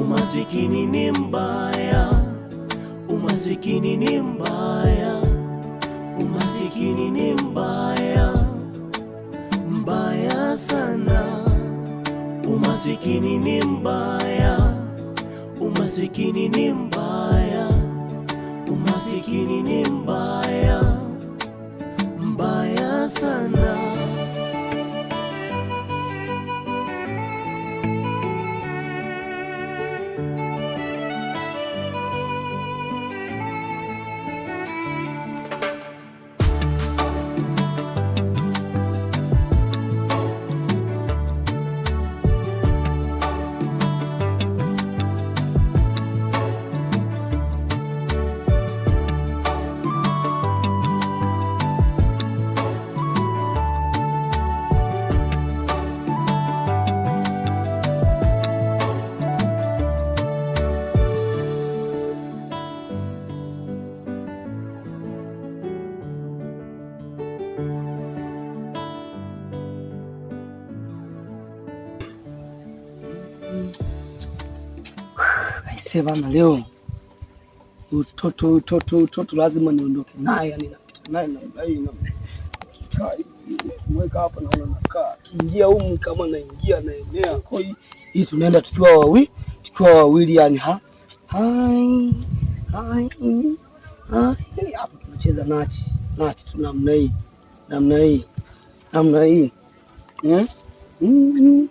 Umasikini ni mbaya, umasikini ni mbaya, umasikini ni mbaya, mbaya sana. Umasikini ni mbaya, umasikini ni mbaya, umasikini ni mbaya, mbaya sana. Sasa bana, leo utoto utoto utoto lazima niondoke naye, yani napita naye namna hii na mweka hapa naona nakaa kiingia humu kama naingia naenea koi hii, tunaenda tukiwa wawili tukiwa wawili, yani ha hai hai hai, hapa tunacheza nachi nachi tu namna hii namna hii namna hii eh, mm.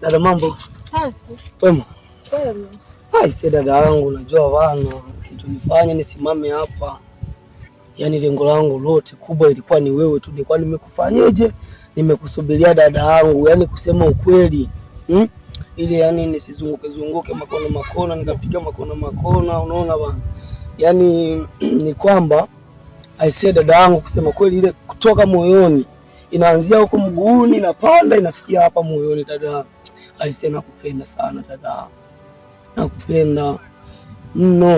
dada mambo Aise, dada yangu, najua bana nifanye nisimame hapa, yaani lengo langu lote kubwa ilikuwa ni wewe tu. Nilikuwa nimekufanyeje? Nimekusubiria dada yangu, yaani kusema ukweli hmm? ili yani nisizunguke zunguke makona makona, nikapiga makona makona, unaona bana, yaani ni kwamba aise, dada yangu, kusema kweli ile kutoka moyoni inaanzia huko mguuni inapanda inafikia hapa moyoni, dada yangu Aise, nakupenda sana dada, nakupenda mno.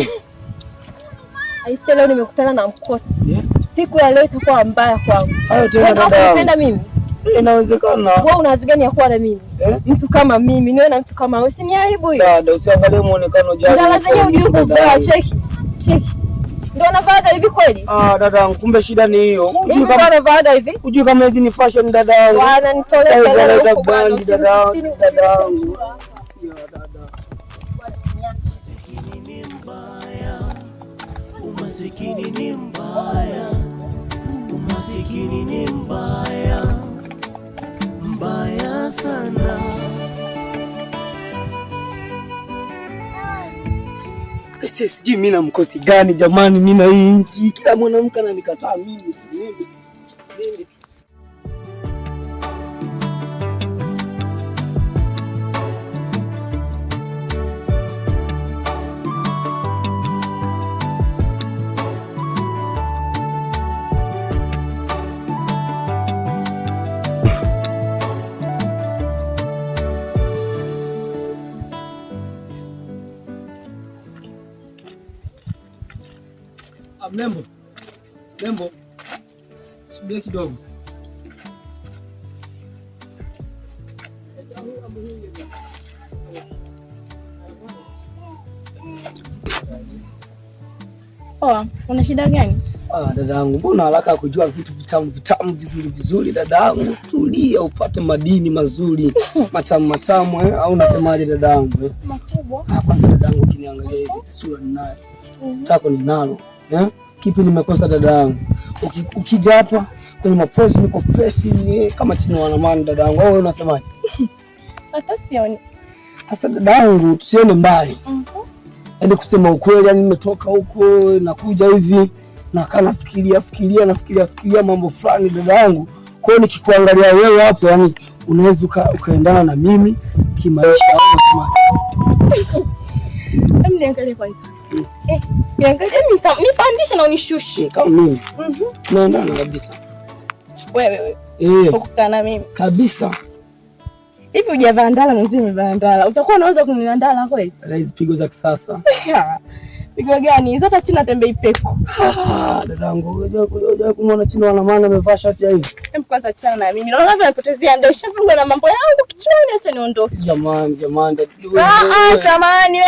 Aise, leo nimekutana na mkosi yeah. Siku ya leo itakuwa mbaya kwangu. Unapenda mimi? Eh, inawezekana. Wewe una gani ya kuwa na mimi eh? Mtu kama mimi niwe na mtu kama wewe, si ni aibu hiyo? Dada, usiangalie muonekano, jana dada, lazima ujue Cheki cheki ndio anavaaga hivi kweli? Ah, dada, kumbe shida ni hiyo. Hujui kama anavaaga hivi? Unajua kama hizi ni fashion dada Bwana nitolee kelele huko bwana, dada yangu, dada Umasikini ni mbaya. Umasikini ni mbaya. Mbaya sana. Aise, sijui mimi na mkosi gani jamani, mimi na hii nchi, kila mwanamke ananikataa mimi. Mimi. Mimi. Mlembo, Mlembo, subia kidogo. Poa, una shida gani? Ah, dada yangu, mbona haraka kujua vitu vitamu vitamu vizuri vizuri? Dada yangu, tulia upate madini mazuri matamu matamu, eh? Au unasemaje dada yangu? Eh? Makubwa. Ah, kwanza dada yangu, ukiniangalia hivi sura ninayo. Tako mhm. ninalo, eh? kipi nimekosa dada yangu? Ukija hapa kwenye mapozi niko fresh kama chini wanamani dada yangu, wewe unasemaje? Hata sioni. Sasa dada yangu, tusiende mbali. Mhm. Yaani kusema ukweli, yani nimetoka huko nakuja hivi na kana fikiria fikiria na fikiria fikiria mambo fulani dada yangu. Kwa hiyo nikikuangalia wewe hapo, yani unaweza ukaendana na mimi kimaisha. au kama. Mimi Niangalie kwanza. Eh, eh, eh, Niangalie nipandishe mm-hmm. na unishushe kama mimi. Naendana kabisa. Wewe wewe. Ukukutana na mimi. Kabisa. Hivi hujavaa ndala mwenzio umevaa ndala. Utakuwa unaweza kunina ndala kweli? Hizi pigo za kisasa. Pigo gani? Zote China tembei peku. Ah, dadangu, unajua kumwona China wana maana amevaa shati ya hivi. Hebu Kwanza achana na mimi, naona napotezea ndio shafungwa na mambo yangu kichwani. Acha niondoke jamani, jamani. Ah, ah, samani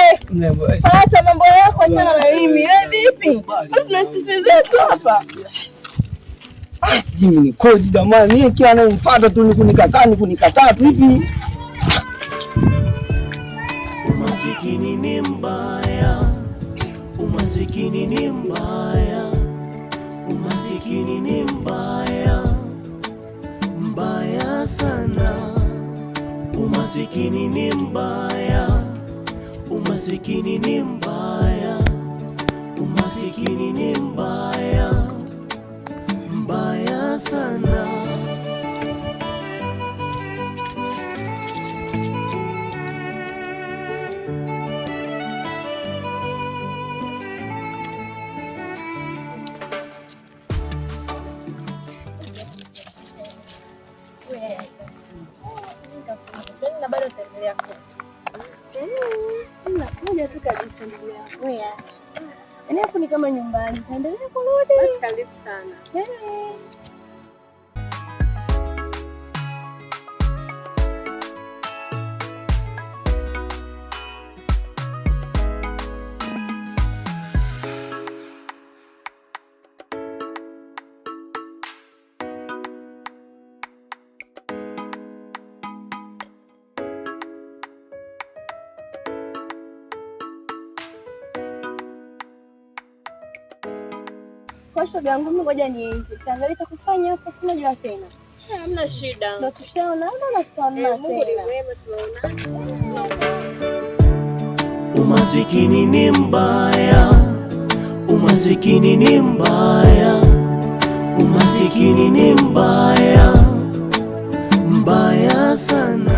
wewe, acha mambo yako, achana na mimi. Wewe vipi, tuna sisi zetu hapa. Sijui ah, ni koji jamani, kila anayemfuata tu nikunikataa nikunikataa tu hivi. Umasikini ni mbaya, umasikini ni mbaya Umasikini ni mbaya, umasikini ni mbaya, umasikini ni mbaya, mbaya sana. yake. Yaani hapo ni kama nyumbani. Taendelea kurudi. Basi karibu sana. kwa shoga ngumu, ngoja niende taangalia cha kufanya hapo, sinajua tena. Hamna shida, ndo tushaona na tutaonana eh, tena. Umasikini ni mbaya, umasikini ni mbaya, umasikini ni mbaya mbaya sana.